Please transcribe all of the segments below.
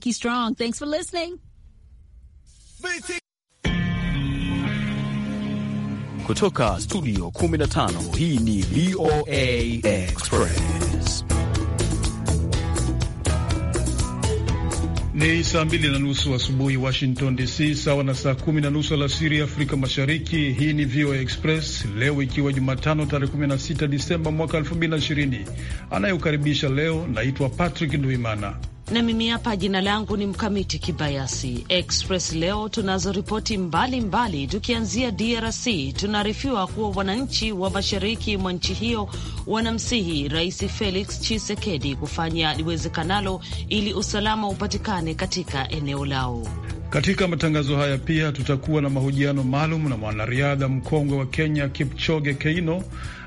Keep strong. Thanks for listening. Kutoka studio 15 hii ni VOA Express. Ni saa mbili na nusu asubuhi wa Washington DC, sawa na saa kumi na nusu alasiri Afrika Mashariki. Hii ni VOA Express leo, ikiwa Jumatano tarehe 16 Disemba mwaka 2020. Anayekaribisha leo naitwa Patrick Nduimana na mimi hapa, jina langu ni Mkamiti Kibayasi Express. Leo tunazo ripoti mbalimbali, tukianzia DRC. Tunaarifiwa kuwa wananchi wa mashariki mwa nchi hiyo wanamsihi Rais Felix Tshisekedi kufanya liwezekanalo ili usalama upatikane katika eneo lao. Katika matangazo haya pia tutakuwa na mahojiano maalum na mwanariadha mkongwe wa Kenya Kipchoge Keino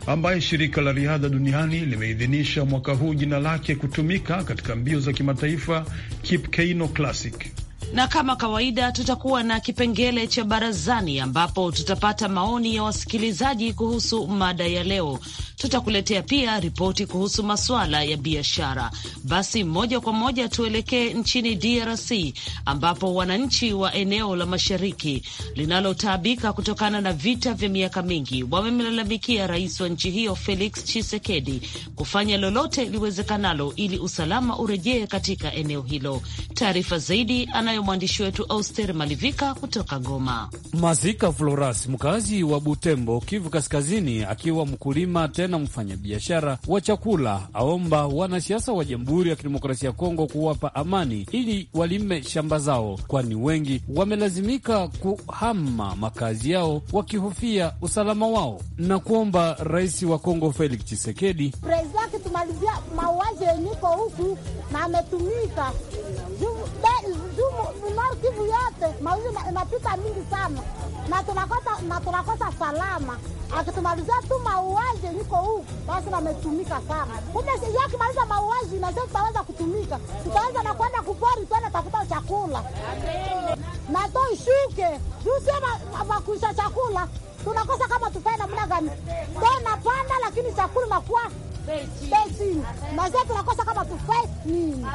ambaye shirika la riadha duniani limeidhinisha mwaka huu jina lake kutumika katika mbio za kimataifa Kipkeino Classic na kama kawaida tutakuwa na kipengele cha barazani, ambapo tutapata maoni ya wasikilizaji kuhusu mada ya leo. Tutakuletea pia ripoti kuhusu masuala ya biashara. Basi moja kwa moja tuelekee nchini DRC ambapo wananchi wa eneo la mashariki linalotaabika kutokana na vita vya miaka mingi wamemlalamikia rais wa nchi hiyo Felix Tshisekedi kufanya lolote liwezekanalo ili usalama urejee katika eneo hilo. Taarifa zaidi anayo mwandishi wetu Auster Malivika kutoka Goma. Masika Floras, mkazi wa Butembo, Kivu Kaskazini, akiwa mkulima tena mfanyabiashara wa chakula, aomba wanasiasa wa Jamhuri ya Kidemokrasia ya Kongo kuwapa amani ili walime shamba zao, kwani wengi wamelazimika kuhama makazi yao wakihofia usalama wao na kuomba rais wa Kongo Felix Tshisekedi, presidenti, tumalizia mauaji huku na ametumika juu Nord Kivu yote mawili inapita mingi sana, na tunakosa na tunakosa salama. Akitumalizia tu mauaji niko huku basi, nametumika sana. Kumbe yakimaliza mauaji na sisi tutaweza kutumika, tutaweza na kwenda kupori, twende tafuta chakula na to ishuke juu, sio chakula tunakosa kama tufae namna gani? To napanda lakini chakula nakuwa bei chini, na sisi tunakosa kama tufae nini.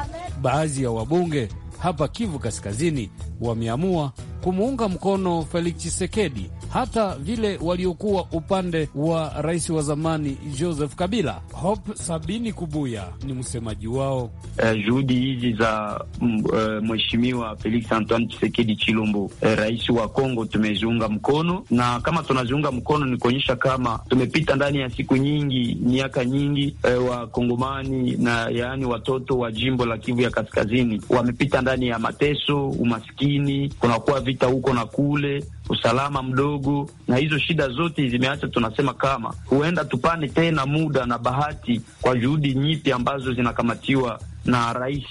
Baadhi ya wabunge hapa Kivu Kaskazini wameamua kumuunga mkono Felix Chisekedi hata vile waliokuwa upande wa rais wa zamani Joseph Kabila. Hope Sabini Kubuya ni msemaji wao. Eh, juhudi hizi za mm, eh, mheshimiwa Felix Antoine Tshisekedi Chilombo, eh, rais wa Kongo, tumeziunga mkono, na kama tunaziunga mkono ni kuonyesha kama tumepita ndani ya siku nyingi, miaka nyingi, eh, wakongomani na yaani watoto wa jimbo la Kivu ya kaskazini wamepita ndani ya mateso, umaskini, kunakuwa vita huko na kule usalama mdogo, na hizo shida zote zimeacha tunasema kama huenda tupane tena muda na bahati kwa juhudi nyipi ambazo zinakamatiwa na Rais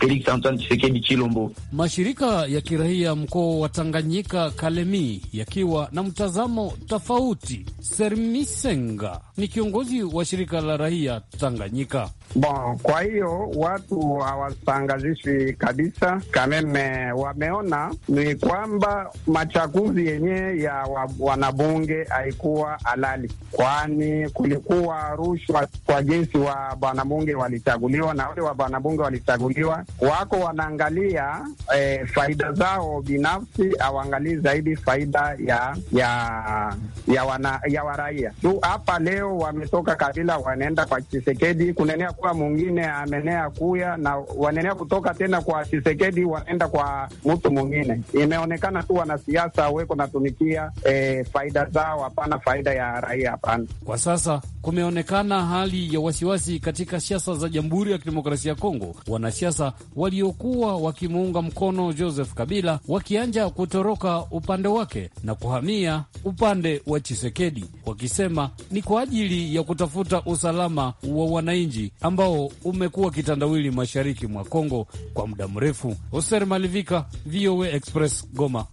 Felix Antoine Tshisekedi Chilombo. Mashirika ya kiraia mkoa wa Tanganyika Kalemi yakiwa na mtazamo tofauti. Sermisenga ni kiongozi wa shirika la raia Tanganyika. Bon, kwa hiyo watu hawatangazishi kabisa kameme, wameona ni kwamba machaguzi yenyewe ya wanabunge haikuwa halali, kwani kulikuwa rushwa kwa jinsi wa bwanabunge walichaguliwa na wale wa wanabunge walichaguliwa wako wanaangalia eh, faida zao binafsi, awaangalii zaidi faida ya ya ya, wana, ya waraia tu. Hapa leo wametoka Kabila wanaenda kwa Chisekedi kunenea kuwa mwingine amenea kuya na wanaenea kutoka tena kwa Chisekedi wanaenda kwa mtu mwingine. Imeonekana tu wanasiasa weko natumikia eh, faida zao, hapana faida ya raia, hapana. Kwa sasa kumeonekana hali ya wasiwasi katika siasa za Jamhuri ya Kidemokrasia Kongo, wanasiasa waliokuwa wakimuunga mkono Joseph Kabila wakianja kutoroka upande wake na kuhamia upande wa Chisekedi, wakisema ni kwa ajili ya kutafuta usalama wa wananchi ambao umekuwa kitandawili mashariki mwa Kongo kwa muda mrefu. Hoser Malivika, VOA Express, Goma.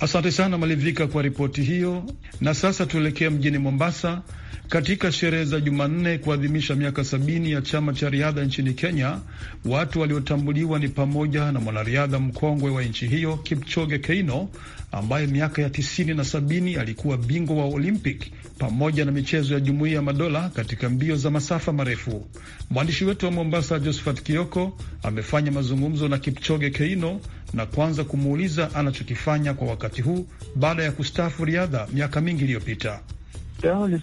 Asante sana Malivika kwa ripoti hiyo, na sasa tuelekea mjini Mombasa katika sherehe za Jumanne kuadhimisha miaka sabini ya chama cha riadha nchini Kenya, watu waliotambuliwa ni pamoja na mwanariadha mkongwe wa nchi hiyo Kipchoge Keino ambaye miaka ya tisini na sabini alikuwa bingwa wa Olympic pamoja na michezo ya Jumuiya ya Madola katika mbio za masafa marefu. Mwandishi wetu wa Mombasa Josephat Kioko amefanya mazungumzo na Kipchoge Keino na kwanza kumuuliza anachokifanya kwa wakati huu baada ya kustaafu riadha miaka mingi iliyopita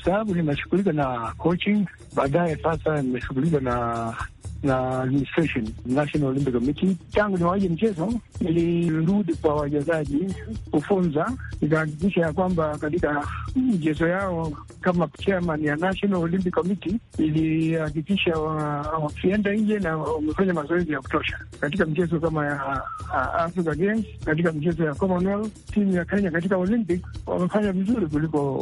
sababu nimeshughulika na coaching, baadaye sasa nimeshughulika na na administration National Olympic Committee. Tangu niwaije mchezo, nilirudi kwa wachezaji kufunza, nikahakikisha ya kwamba katika mchezo yao, kama chairman ya National Olympic Committee, ilihakikisha wakienda wa nje na wamefanya mazoezi ya kutosha katika mchezo kama ya Africa Games, katika mchezo ya Commonwealth, timu ya Kenya katika Olympic wamefanya vizuri kuliko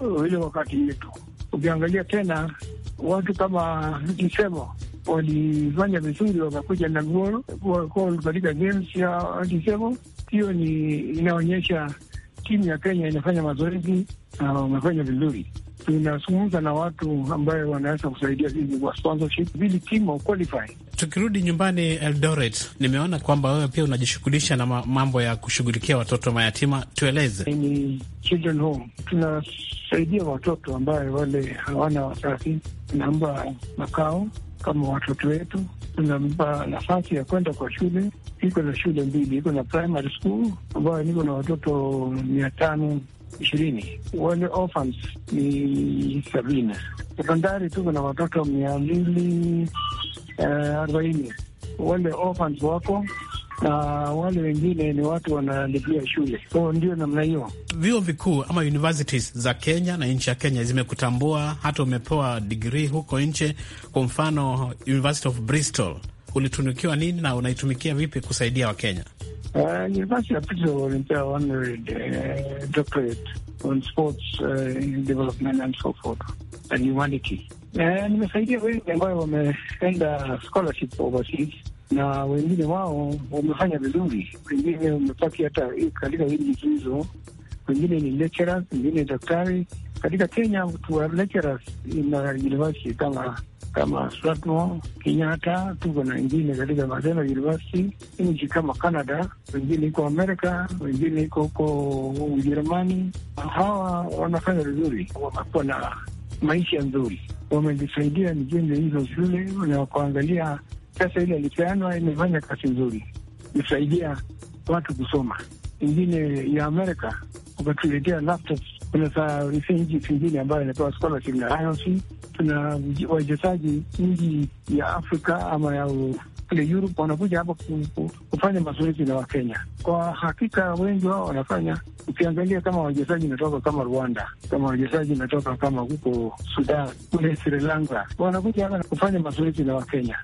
uh, ile wakati yetu. Ukiangalia tena watu kama Kisemo walifanya vizuri, wakakuja na gol katika games ya antisevo. Hiyo ni inaonyesha timu ya Kenya inafanya mazoezi na wamefanya vizuri. Tunazungumza na watu ambayo wanaweza kusaidia hizi kwa sponsorship ili timu qualify. Tukirudi nyumbani Eldoret, nimeona kwamba wewe pia unajishughulisha na mambo ya kushughulikia watoto mayatima. Tueleze. Ni children home, tunasaidia watoto ambayo wale hawana wazazi, namba makao kama watoto wetu, tunampa nafasi ya kwenda kwa shule. Iko na shule mbili, iko na primary school ambayo niko na watoto mia tano ishirini, wale orphans ni sabini. Sekondari tuko na watoto mia mbili eh, arobaini, wale orphans wako na wale wengine ni watu wanalipia shule. So ndio namna hiyo. Vyuo vikuu ama universities za Kenya na nchi ya Kenya zimekutambua, hata umepewa digrii huko nje. Kwa mfano University of Bristol, ulitunukiwa nini na unaitumikia vipi kusaidia Wakenya? Uh, University of Bristol uh, doctorate on sports uh, development and so forth and humanity. Uh, nimesaidia wengi ambayo wameenda scholarship overseas na wengine wao wamefanya vizuri, wengine wamepaki hata katika hili hizo, wengine ni lecturers, wengine daktari. Katika Kenya tuwa lecturers na university kama kama Strathmore, Kenyatta, tuko na wengine katika Maseno University. Nchi kama Canada, wengine iko Amerika, wengine iko huko Ujerumani. Hawa wanafanya vizuri, wamekuwa na maisha nzuri, wamejisaidia mijengo hizo shule na kuangalia Pesa ile ilipeanwa, imefanya kazi nzuri, isaidia watu kusoma. Ingine ya Amerika ukatuletea laptops. Kuna saa nchi zingine ambayo inapewa scholarship na IOC. Tuna wachezaji nchi ya Afrika ama ya kule Europe wanakuja hapa kufanya mazoezi na Wakenya. Kwa hakika wengi wao wanafanya, ukiangalia kama wachezaji inatoka kama Rwanda, kama wachezaji inatoka kama huko Sudan, kule Sri Lanka, wanakuja hapa kufanya mazoezi na Wakenya.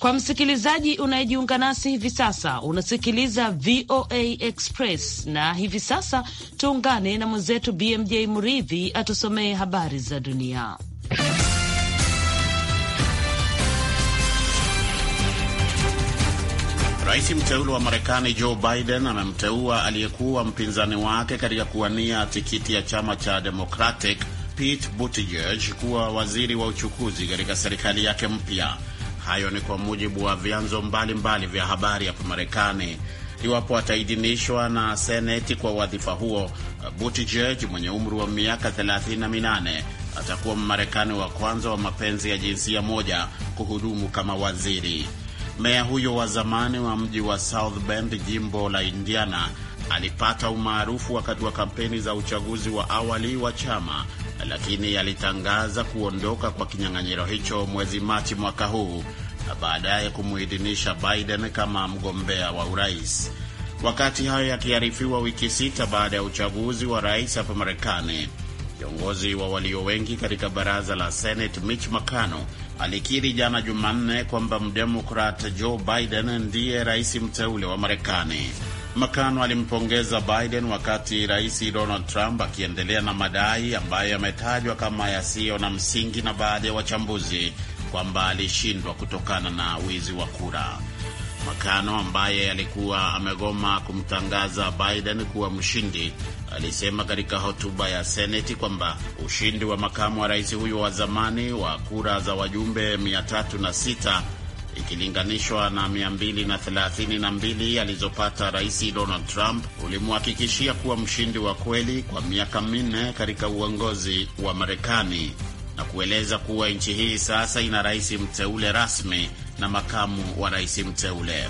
Kwa msikilizaji unayejiunga nasi hivi sasa, unasikiliza VOA Express na hivi sasa tuungane na mwenzetu BMJ Muridhi atusomee habari za dunia. Rais mteule wa Marekani Joe Biden amemteua aliyekuwa mpinzani wake katika kuwania tikiti ya chama cha Democratic Pete Buttigieg kuwa waziri wa uchukuzi katika serikali yake mpya. Hayo ni kwa mujibu wa vyanzo mbalimbali vya habari hapa Marekani. Iwapo ataidhinishwa na Seneti kwa wadhifa huo, Buttigieg mwenye umri wa miaka 38 atakuwa Mmarekani wa kwanza wa mapenzi ya jinsia moja kuhudumu kama waziri. Meya huyo wa zamani wa mji wa South Bend, jimbo la Indiana, alipata umaarufu wakati wa kampeni za uchaguzi wa awali wa chama lakini alitangaza kuondoka kwa kinyang'anyiro hicho mwezi Machi mwaka huu na baadaye kumuidhinisha Biden kama mgombea wa urais. Wakati hayo yakiarifiwa wiki sita baada ya uchaguzi wa rais hapa Marekani, kiongozi wa walio wengi katika baraza la Senate Mitch McConnell alikiri jana Jumanne kwamba mdemokrat Joe Biden ndiye rais mteule wa Marekani. Makano alimpongeza Biden wakati Rais Donald Trump akiendelea na madai ambayo yametajwa kama yasiyo na msingi na baadhi ya wachambuzi kwamba alishindwa kutokana na wizi wa kura. Makano ambaye alikuwa amegoma kumtangaza Biden kuwa mshindi alisema katika hotuba ya Seneti kwamba ushindi wa makamu wa rais huyo wa zamani wa kura za wajumbe 306 ikilinganishwa na 232 alizopata Rais Donald Trump ulimhakikishia kuwa mshindi wa kweli kwa miaka minne katika uongozi wa Marekani na kueleza kuwa nchi hii sasa ina rais mteule rasmi na makamu wa rais mteule.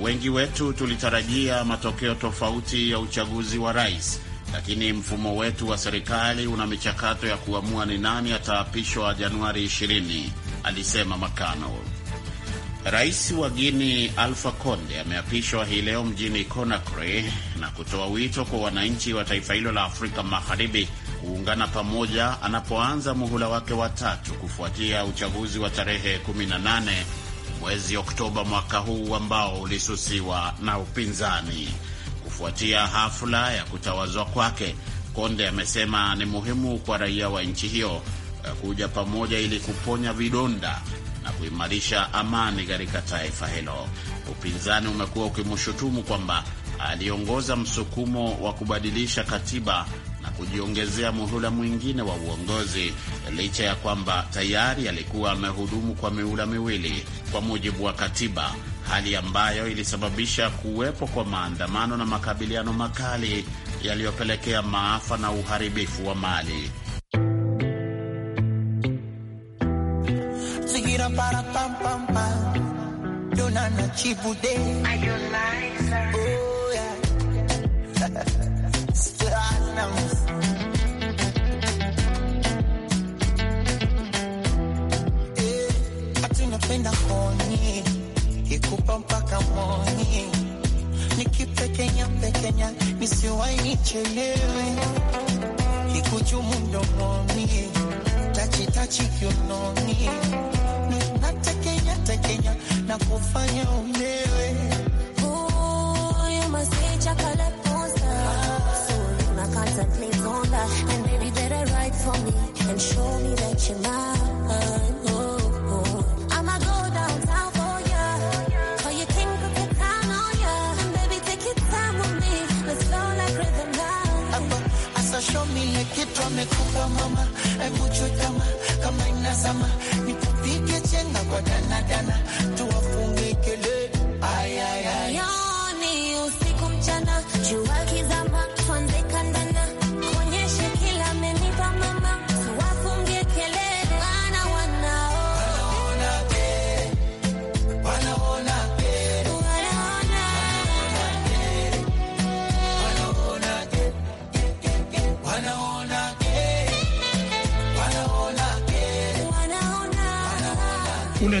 Wengi wetu tulitarajia matokeo tofauti ya uchaguzi wa rais, lakini mfumo wetu wa serikali una michakato ya kuamua ni nani ataapishwa Januari 20, alisema Makano. Rais wa Guini alfa Conde ameapishwa hii leo mjini Conakry na kutoa wito kwa wananchi wa taifa hilo la Afrika Magharibi kuungana pamoja anapoanza muhula wake wa tatu kufuatia uchaguzi wa tarehe 18 mwezi Oktoba mwaka huu ambao ulisusiwa na upinzani. Kufuatia hafla ya kutawazwa kwake, Konde amesema ni muhimu kwa raia wa nchi hiyo eh, kuja pamoja ili kuponya vidonda na kuimarisha amani katika taifa hilo. Upinzani umekuwa ukimshutumu kwamba aliongoza msukumo wa kubadilisha katiba na kujiongezea muhula mwingine wa uongozi licha ya kwamba tayari alikuwa amehudumu kwa mihula miwili kwa mujibu wa katiba, hali ambayo ilisababisha kuwepo kwa maandamano na makabiliano makali yaliyopelekea maafa na uharibifu wa mali. para pam pam pam. Donana chibude. Oh yeah. Stranams. Eh, atunapenda honi. Kikupa mpaka moni. Nikipekenya pekenya nisiwai nichelewe. Kikuchumu mdomoni. Tachi tachi kiuno. la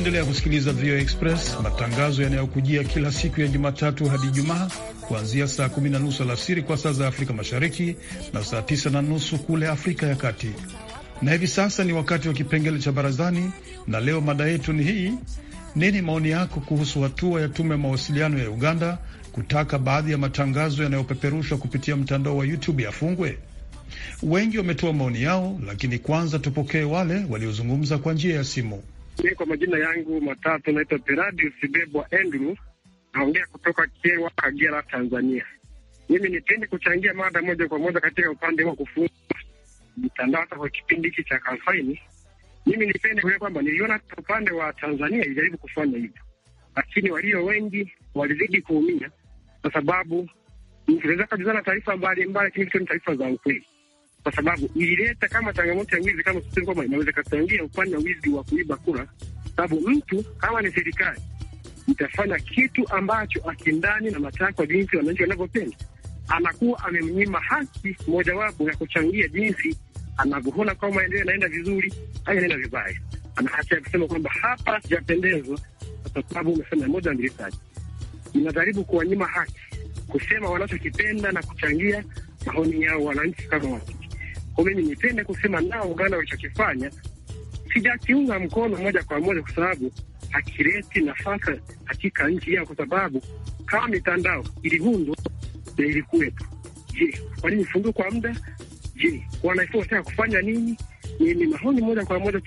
Unaendelea kusikiliza VOA Express, matangazo yanayokujia kila siku ya Jumatatu hadi Ijumaa kuanzia saa kumi na nusu alasiri kwa saa za Afrika Mashariki na saa tisa na nusu kule Afrika ya Kati. Na hivi sasa ni wakati wa kipengele cha barazani, na leo mada yetu ni hii: nini maoni yako kuhusu hatua ya tume ya mawasiliano ya Uganda kutaka baadhi ya matangazo yanayopeperushwa kupitia mtandao wa YouTube yafungwe? Wengi wametoa maoni yao, lakini kwanza tupokee wale waliozungumza kwa njia ya simu. Mimi kwa majina yangu matatu naitwa Peradi Sibebwa Andrew, naongea kutoka Kyerwa, Kagera, Tanzania. Mimi nipende kuchangia mada moja kwa moja katika upande wa kufunga mitandao hata kwa kipindi hiki cha kafaini. Mimi nipende kuea kwamba niliona upande wa Tanzania ilijaribu kufanya hivyo, lakini walio wengi walizidi kuumia, kwa sababu tunaweza kujuzana taarifa mbalimbali, lakini ni taarifa za ukweli kwa sababu ilileta kama changamoto ya wizi, kama sisi kwamba inaweza kachangia upande wa wizi wa kuiba kura, sababu mtu kama ni serikali itafanya kitu ambacho akindani na matakwa jinsi wananchi wanavyopenda, anakuwa amemnyima haki mojawapo ya kuchangia jinsi anavyoona kwa maendeleo yanaenda vizuri au yanaenda vibaya. Ana haki ya kusema kwamba hapa sijapendezwa kwa sababu umefanya moja mbili tatu. Inajaribu kuwanyima haki kusema wanachokipenda na kuchangia maoni yao wananchi kama watu kwa mimi nipende kusema nao, Uganda walichokifanya sijakiunga mkono moja kwa moja, kwa sababu hakileti nafaka katika nchi yao, kwa sababu kama mitandao iliundwa na ilikuwepo, je, kwa nini ifungiwe kwa muda? Je, wanaifua wataka kufanya nini? Ni mahoni moja kwa moja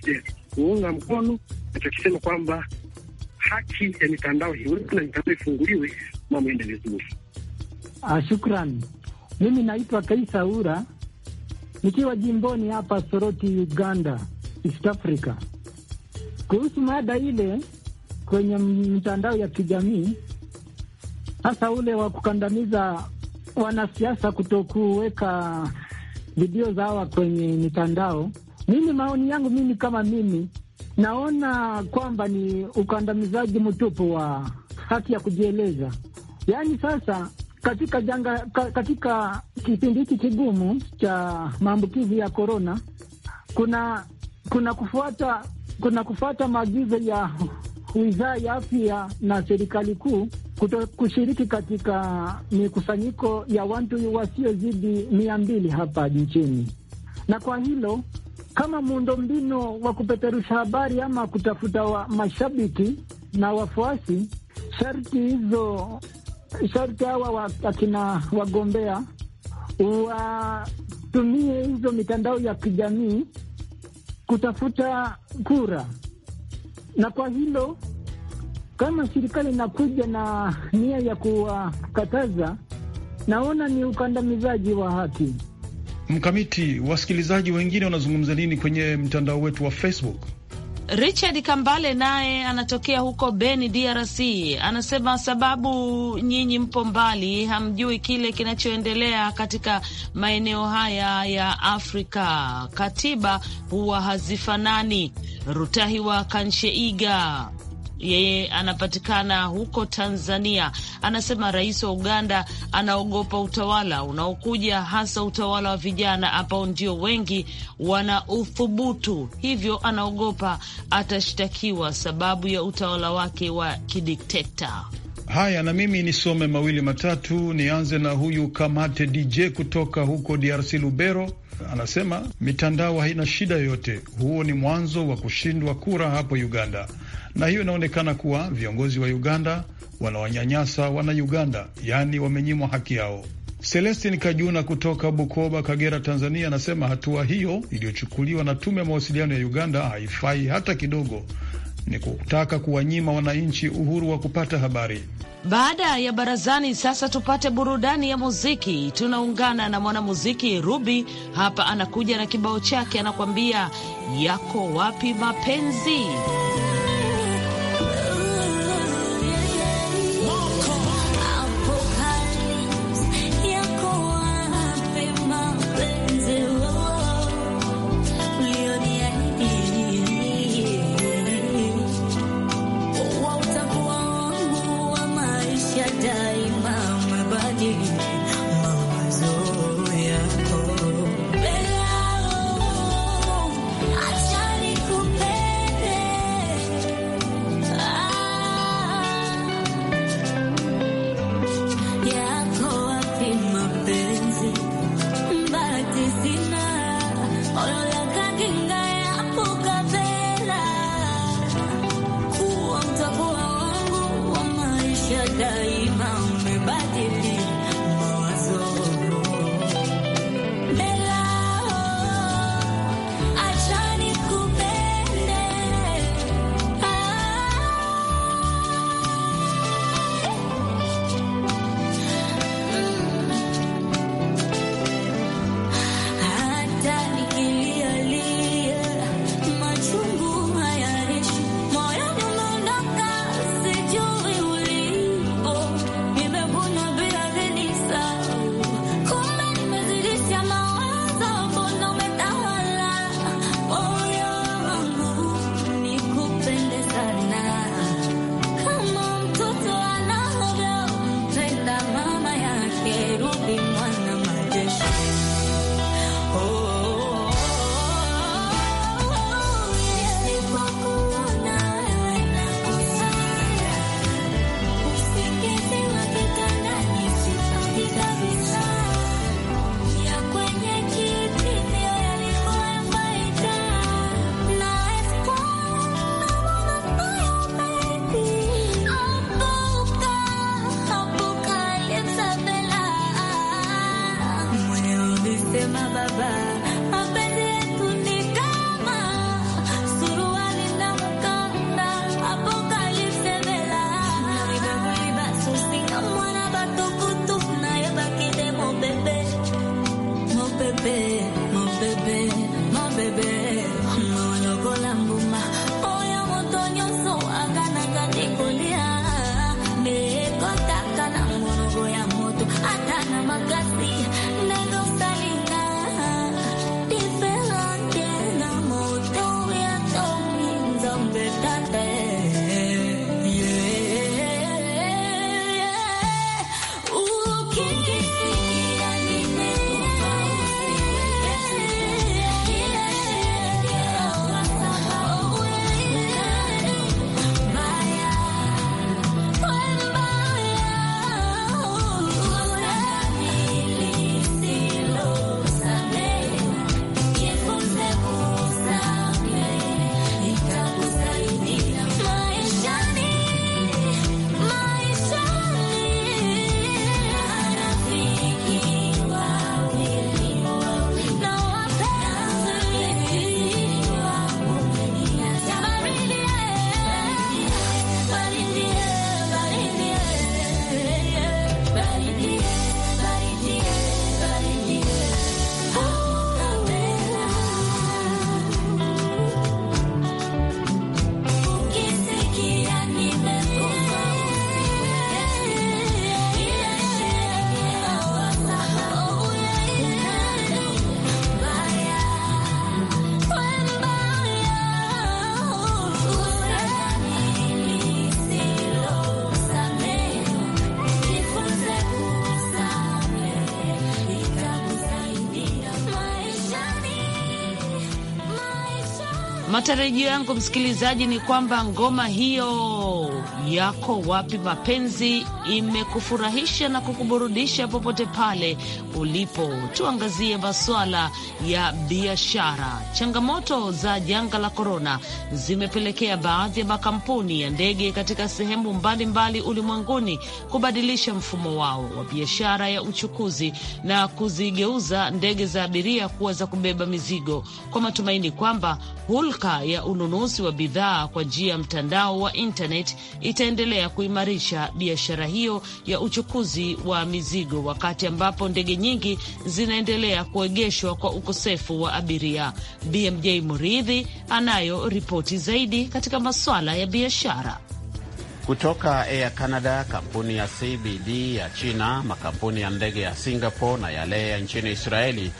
kuunga mkono nachokisema kwamba haki ya mitandao iwepo na mitandao ifunguliwe, mambo yaende vizuri. Ah, shukran. Mimi naitwa Kaisa Ura nikiwa jimboni hapa Soroti, Uganda, East Africa. Kuhusu mada ile kwenye mtandao ya kijamii, hasa ule wa kukandamiza wanasiasa kutokuweka video zawa kwenye mitandao, mimi maoni yangu mimi kama mimi naona kwamba ni ukandamizaji mtupu wa haki ya kujieleza. Yaani sasa katika janga ka, katika kipindi hiki kigumu cha maambukizi ya korona, kuna kuna kufuata kuna kufuata maagizo ya wizara ya afya na serikali kuu kuto kushiriki katika mikusanyiko ya watu wasiozidi mia mbili hapa nchini, na kwa hilo kama muundombinu wa kupeperusha habari ama kutafuta wa mashabiki na wafuasi, sharti hizo sharti hawa akina wagombea watumie hizo mitandao ya kijamii kutafuta kura, na kwa hilo kama serikali inakuja na nia ya kuwakataza, naona ni ukandamizaji wa haki. Mkamiti, wasikilizaji wengine wanazungumza nini kwenye mtandao wetu wa Facebook? Richard Kambale naye anatokea huko Beni, DRC, anasema sababu nyinyi mpo mbali, hamjui kile kinachoendelea katika maeneo haya ya Afrika. Katiba huwa hazifanani. Rutahiwa Kansheiga yeye anapatikana huko Tanzania, anasema rais wa Uganda anaogopa utawala unaokuja, hasa utawala wa vijana ambao ndio wengi wana uthubutu, hivyo anaogopa atashtakiwa sababu ya utawala wake wa kidiktekta. Haya, na mimi nisome mawili matatu. Nianze na huyu Kamate DJ kutoka huko DRC, Lubero. Anasema mitandao haina shida yoyote, huo ni mwanzo wa kushindwa kura hapo Uganda na hiyo inaonekana kuwa viongozi wa Uganda wanawanyanyasa wana Uganda, yaani wamenyimwa haki yao. Celestin Kajuna kutoka Bukoba, Kagera, Tanzania anasema hatua hiyo iliyochukuliwa na tume ya mawasiliano ya Uganda haifai hata kidogo, ni kutaka kuwanyima wananchi uhuru wa kupata habari. Baada ya barazani, sasa tupate burudani ya muziki. Tunaungana na mwanamuziki Ruby hapa, anakuja na kibao chake, anakuambia yako wapi mapenzi. Matarajio yangu msikilizaji, ni kwamba ngoma hiyo yako wapi mapenzi imekufurahisha na kukuburudisha popote pale ulipo. Tuangazie masuala ya biashara. Changamoto za janga la korona zimepelekea baadhi ya makampuni ya ndege katika sehemu mbalimbali ulimwenguni kubadilisha mfumo wao wa biashara ya uchukuzi na kuzigeuza ndege za abiria kuwa za kubeba mizigo kwa matumaini kwamba hulka ya ununuzi wa bidhaa kwa njia ya mtandao wa intaneti itaendelea kuimarisha biashara hiyo ya uchukuzi wa mizigo, wakati ambapo ndege nyingi zinaendelea kuegeshwa kwa ukosefu wa abiria. BMJ Muridhi anayo ripoti zaidi katika masuala ya biashara. Kutoka Air Canada, kampuni ya CBD ya China, makampuni ya ndege ya Singapore na yale ya nchini Israeli,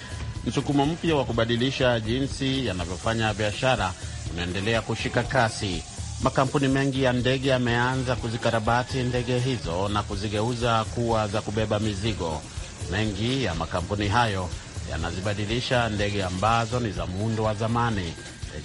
msukumo mpya wa kubadilisha jinsi yanavyofanya biashara unaendelea kushika kasi. Makampuni mengi ya ndege yameanza kuzikarabati ndege hizo na kuzigeuza kuwa za kubeba mizigo. Mengi ya makampuni hayo yanazibadilisha ndege ambazo ni za muundo wa zamani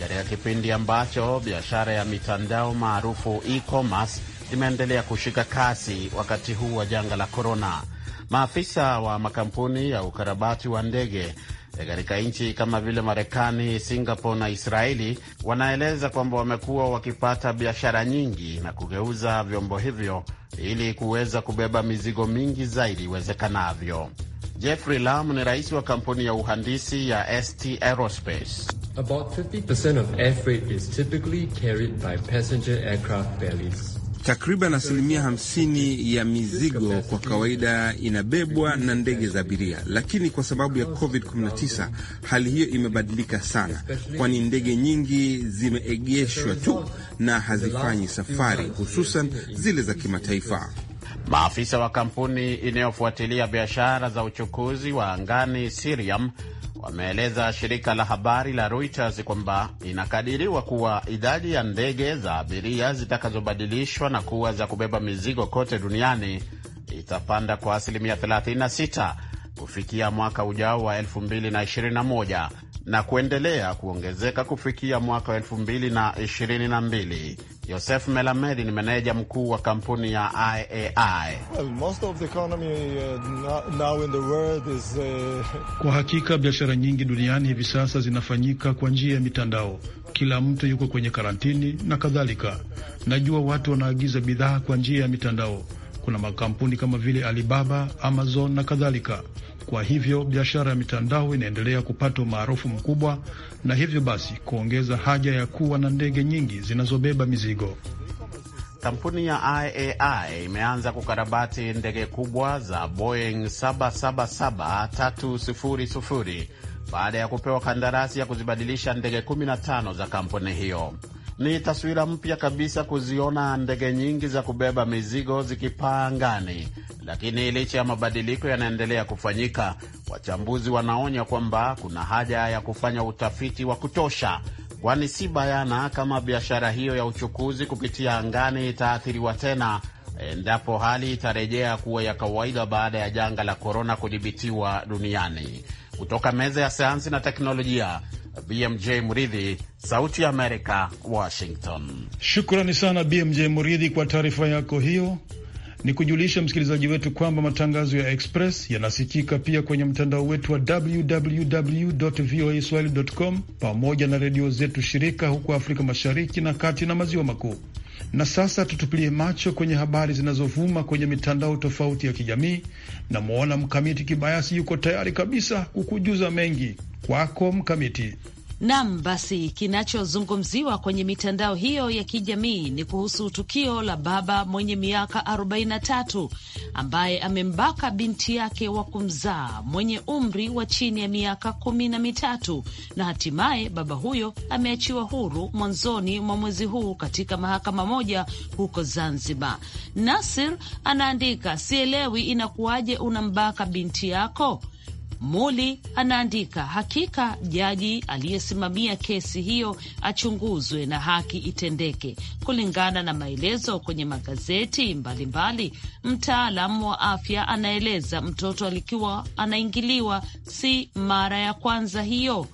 katika kipindi ambacho biashara ya mitandao maarufu e-commerce imeendelea kushika kasi wakati huu wa janga la korona. Maafisa wa makampuni ya ukarabati wa ndege E, katika nchi kama vile Marekani, Singapore na Israeli wanaeleza kwamba wamekuwa wakipata biashara nyingi na kugeuza vyombo hivyo ili kuweza kubeba mizigo mingi zaidi iwezekanavyo. Jeffrey Lam ni rais wa kampuni ya uhandisi ya ST Aerospace. About 50% of air freight is typically carried by passenger aircraft bellies. Takriban asilimia hamsini ya mizigo kwa kawaida inabebwa na ndege za abiria, lakini kwa sababu ya COVID-19 hali hiyo imebadilika sana, kwani ndege nyingi zimeegeshwa tu na hazifanyi safari, hususan zile za kimataifa. Maafisa wa kampuni inayofuatilia biashara za uchukuzi wa angani Siriam wameeleza shirika la habari la Reuters kwamba inakadiriwa kuwa idadi ya ndege za abiria zitakazobadilishwa na kuwa za kubeba mizigo kote duniani itapanda kwa asilimia 36 kufikia mwaka ujao wa 2021 na kuendelea kuongezeka kufikia mwaka wa 2022. Yosef Melamedi ni meneja mkuu wa kampuni ya IAI. Well, most of the economy, uh, now in the world is, uh... Kwa hakika biashara nyingi duniani hivi sasa zinafanyika kwa njia ya mitandao. Kila mtu yuko kwenye karantini na kadhalika. Najua watu wanaagiza bidhaa kwa njia ya mitandao. Kuna makampuni kama vile Alibaba, Amazon na kadhalika. Kwa hivyo biashara ya mitandao inaendelea kupata umaarufu mkubwa, na hivyo basi kuongeza haja ya kuwa na ndege nyingi zinazobeba mizigo. Kampuni ya IAI imeanza kukarabati ndege kubwa za Boeing 777-300 baada ya kupewa kandarasi ya kuzibadilisha ndege 15 za kampuni hiyo. Ni taswira mpya kabisa kuziona ndege nyingi za kubeba mizigo zikipaa angani, lakini licha ya mabadiliko yanaendelea kufanyika, wachambuzi wanaonya kwamba kuna haja ya kufanya utafiti wa kutosha, kwani si bayana kama biashara hiyo ya uchukuzi kupitia angani itaathiriwa tena endapo hali itarejea kuwa ya kawaida baada ya janga la korona kudhibitiwa duniani. Kutoka meza ya sayansi na teknolojia, BMJ Mridhi, Sauti ya Amerika, Washington. Shukrani sana BMJ Mridhi kwa taarifa yako hiyo. Ni kujulisha msikilizaji wetu kwamba matangazo ya Express yanasikika pia kwenye mtandao wetu wa www voa com pamoja na redio zetu shirika huko Afrika Mashariki na kati na maziwa makuu. Na sasa tutupilie macho kwenye habari zinazovuma kwenye mitandao tofauti ya kijamii. Namwona Mkamiti Kibayasi yuko tayari kabisa kukujuza mengi. Kwako Mkamiti. Nam, basi kinachozungumziwa kwenye mitandao hiyo ya kijamii ni kuhusu tukio la baba mwenye miaka 43 ambaye amembaka binti yake wa kumzaa mwenye umri wa chini ya miaka kumi na mitatu, na hatimaye baba huyo ameachiwa huru mwanzoni mwa mwezi huu katika mahakama moja huko Zanzibar. Nasir anaandika, sielewi inakuwaje unambaka binti yako Muli anaandika, hakika jaji aliyesimamia kesi hiyo achunguzwe na haki itendeke. Kulingana na maelezo kwenye magazeti mbalimbali, mtaalamu wa afya anaeleza mtoto alikiwa anaingiliwa, si mara ya kwanza hiyo.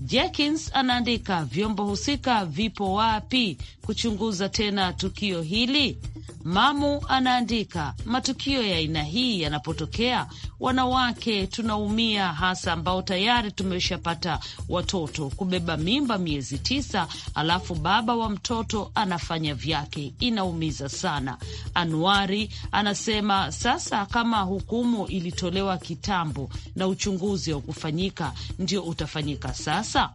Jenkins anaandika, vyombo husika vipo wapi kuchunguza tena tukio hili? Mamu anaandika, matukio ya aina hii yanapotokea, wanawake tunaumia, hasa ambao tayari tumeshapata watoto, kubeba mimba miezi tisa, alafu baba wa mtoto anafanya vyake, inaumiza sana. Anuari anasema sasa, kama hukumu ilitolewa kitambo na uchunguzi wa kufanyika ndio utafanyika sasa.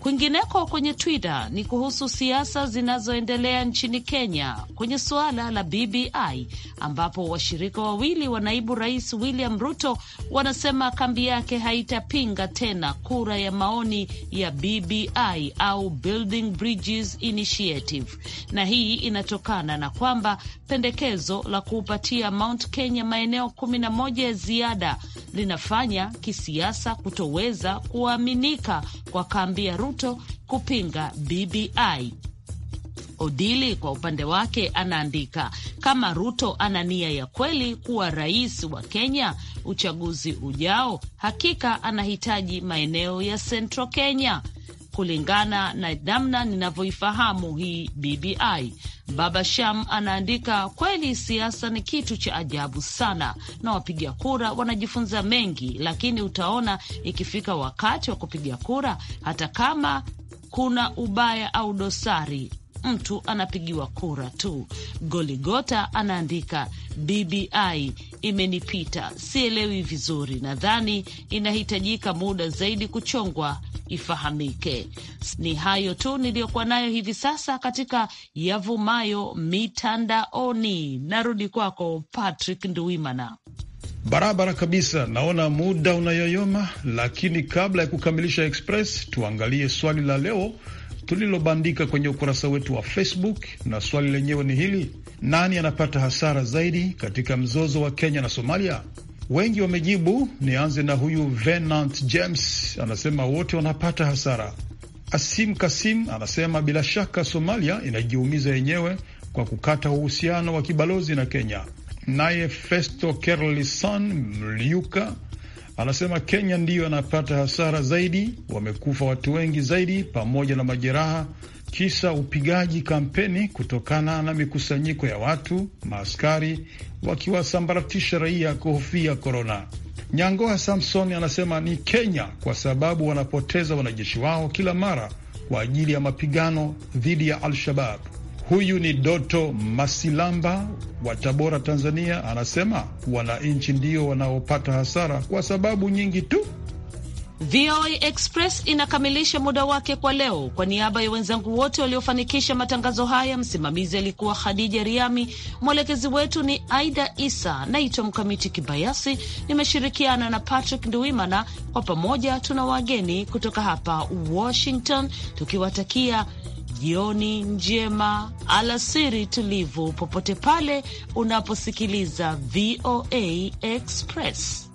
Kwingineko kwenye Twitter ni kuhusu siasa zinazoendelea nchini Kenya kwenye suala suala la BBI ambapo washirika wawili wa naibu rais William Ruto wanasema kambi yake haitapinga tena kura ya maoni ya BBI au Building Bridges Initiative, na hii inatokana na kwamba pendekezo la kuupatia Mount Kenya maeneo kumi na moja ya ziada linafanya kisiasa kutoweza kuaminika kwa kambi ya Ruto kupinga BBI. Odili kwa upande wake anaandika, kama Ruto ana nia ya kweli kuwa rais wa Kenya uchaguzi ujao, hakika anahitaji maeneo ya Central Kenya. Kulingana na namna ninavyoifahamu hii BBI. Baba Sham anaandika, kweli siasa ni kitu cha ajabu sana, na wapiga kura wanajifunza mengi, lakini utaona ikifika wakati wa kupiga kura, hata kama kuna ubaya au dosari mtu anapigiwa kura tu. Goligota anaandika BBI imenipita, sielewi vizuri, nadhani inahitajika muda zaidi kuchongwa ifahamike. Ni hayo tu niliyokuwa nayo hivi sasa katika yavumayo mitandaoni. Narudi kwako Patrick Nduwimana. Barabara kabisa, naona muda unayoyoma, lakini kabla ya kukamilisha express, tuangalie swali la leo tulilobandika kwenye ukurasa wetu wa Facebook, na swali lenyewe ni hili: nani anapata hasara zaidi katika mzozo wa Kenya na Somalia? Wengi wamejibu. Nianze na huyu Venant James, anasema wote wanapata hasara. Asim Kasim anasema bila shaka Somalia inajiumiza yenyewe kwa kukata uhusiano wa kibalozi na Kenya. Naye Festo Kerlison Mliuka Anasema Kenya ndiyo anapata hasara zaidi, wamekufa watu wengi zaidi pamoja na majeraha, kisa upigaji kampeni kutokana na mikusanyiko ya watu, maaskari wakiwasambaratisha raia kuhofia korona. Nyangoa Samson anasema ni Kenya kwa sababu wanapoteza wanajeshi wao kila mara kwa ajili ya mapigano dhidi ya Al-Shabab. Huyu ni Doto Masilamba wa Tabora, Tanzania, anasema wananchi ndio wanaopata hasara kwa sababu nyingi tu. VOA Express inakamilisha muda wake kwa leo. Kwa niaba ya wenzangu wote waliofanikisha matangazo haya, msimamizi alikuwa Khadija Riami, mwelekezi wetu ni Aida Isa. Naitwa Mkamiti Kibayasi, nimeshirikiana na Patrick nduimana Kwa pamoja tuna wageni kutoka hapa Washington, tukiwatakia jioni njema, alasiri tulivu, popote pale unaposikiliza VOA Express.